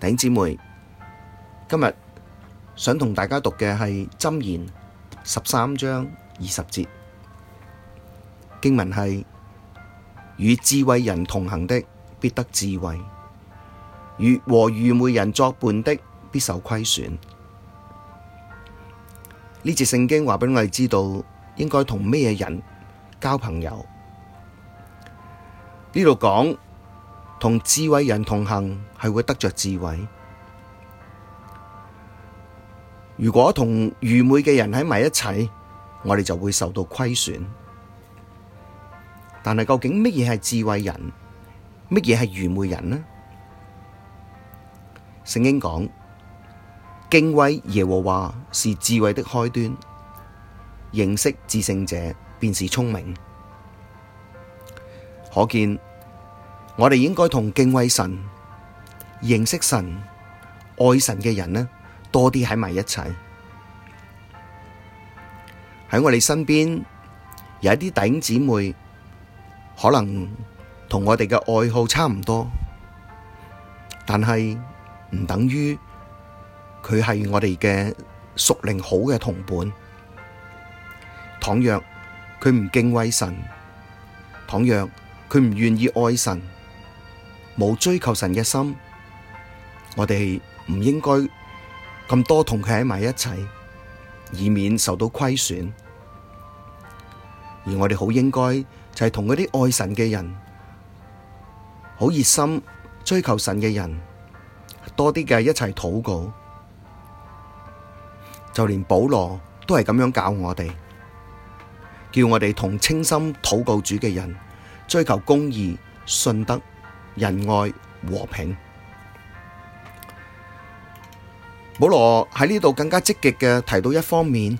弟兄姊妹，今日想同大家讀嘅係《箴言》十三章二十節，經文，係與智慧人同行的，必得智慧；與和愚昧人作伴的，必受虧損。呢節聖經話畀我哋知道，應該同咩人交朋友？呢度講。同智慧人同行係會得着智慧，如果同愚昧嘅人喺埋一齊，我哋就會受到虧損。但係究竟乜嘢係智慧人，乜嘢係愚昧人呢？聖經講：敬畏耶和華是智慧的開端，認識至聖者便是聰明。可見。我哋應該同敬畏神、認識神、愛神嘅人呢，多啲喺埋一齊。喺我哋身邊有一啲弟兄姊妹，可能同我哋嘅愛好差唔多，但係唔等於佢係我哋嘅熟齡好嘅同伴。倘若佢唔敬畏神，倘若佢唔願意愛神。冇追求神嘅心，我哋唔應該咁多同佢喺埋一齊，以免受到虧損。而我哋好應該就係同嗰啲愛神嘅人，好熱心追求神嘅人，多啲嘅一齊禱告。就連保羅都係咁樣教我哋，叫我哋同清心禱告主嘅人，追求公義、信德。仁愛和平。保羅喺呢度更加積極嘅提到一方面，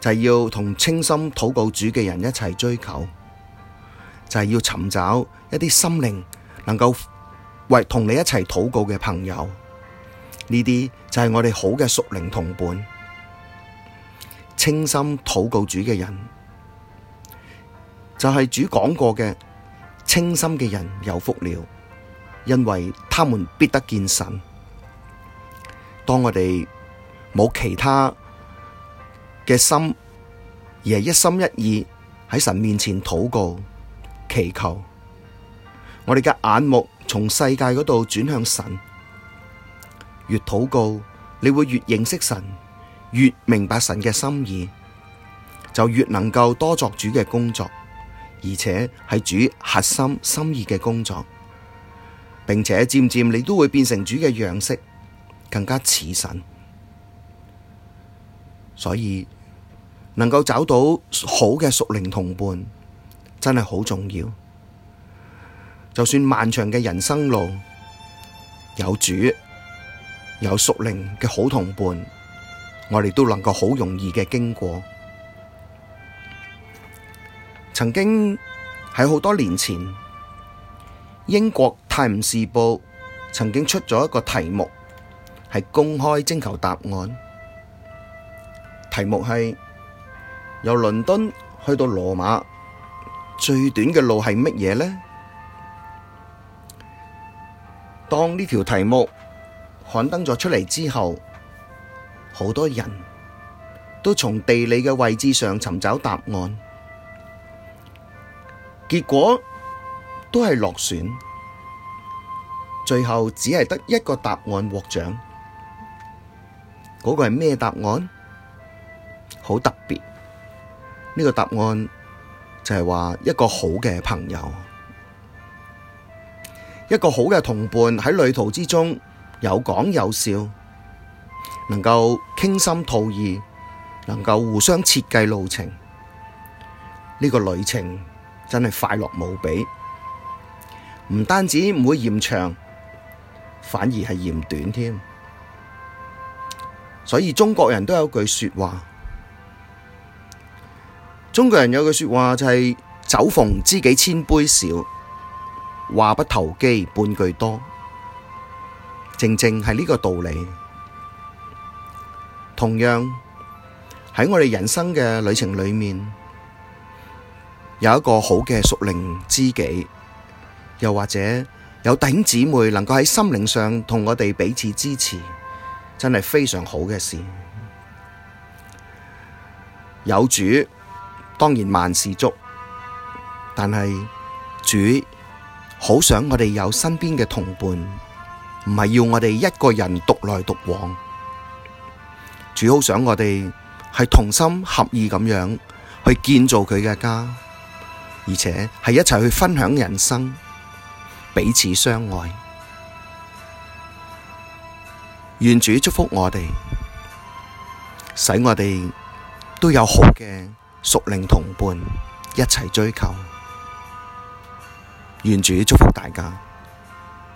就係要同清心禱告主嘅人一齊追求，就係要尋找一啲心靈能夠為同你一齊禱告嘅朋友，呢啲就係我哋好嘅屬靈同伴。清心禱告主嘅人，就係主講過嘅。清心嘅人有福了，因為他們必得見神。當我哋冇其他嘅心，而係一心一意喺神面前禱告、祈求，我哋嘅眼目從世界嗰度轉向神，越禱告，你會越認識神，越明白神嘅心意，就越能夠多作主嘅工作，而且係主核心心意嘅工作，並且漸漸你都會變成主嘅樣式，更加似神。所以能夠找到好嘅屬靈同伴，真係好重要。就算漫長嘅人生路，有主、有屬靈嘅好同伴，我哋都能夠好容易嘅經過。曾經喺好多年前，英國《泰晤士報》曾經出咗一個題目，係公開徵求答案。題目係：「由倫敦去到羅馬，最短嘅路係乜嘢呢？」當呢條題目刊登咗出嚟之後，好多人都從地理嘅位置上尋找答案。結果都係落選，最後只係得一個答案獲獎。嗰個係咩答案？好特別。呢個答案就係話，一個好嘅朋友，一個好嘅同伴喺旅途之中有講有笑，能夠傾心吐意，能夠互相設計路程。呢個旅程，真係快樂無比，唔單止唔會嫌長，反而係嫌短添。所以中國人都有句說話，中國人有句說話就係：酒逢知己千杯少，話不投機半句多。正正係呢個道理。同樣喺我哋人生嘅旅程裏面。有一個好嘅屬靈知己，又或者有弟兄姊妹，能夠喺心靈上同我哋彼此支持，真係非常好嘅事。有主，當然萬事足，但係主好想我哋有身邊嘅同伴，唔係要我哋一個人獨來獨往。主好想我哋係同心合意咁樣去建造佢嘅家。而且係一齊去分享人生，彼此相愛。願主祝福我哋，使我哋都有好嘅屬靈同伴，一齊追求。願主祝福大家。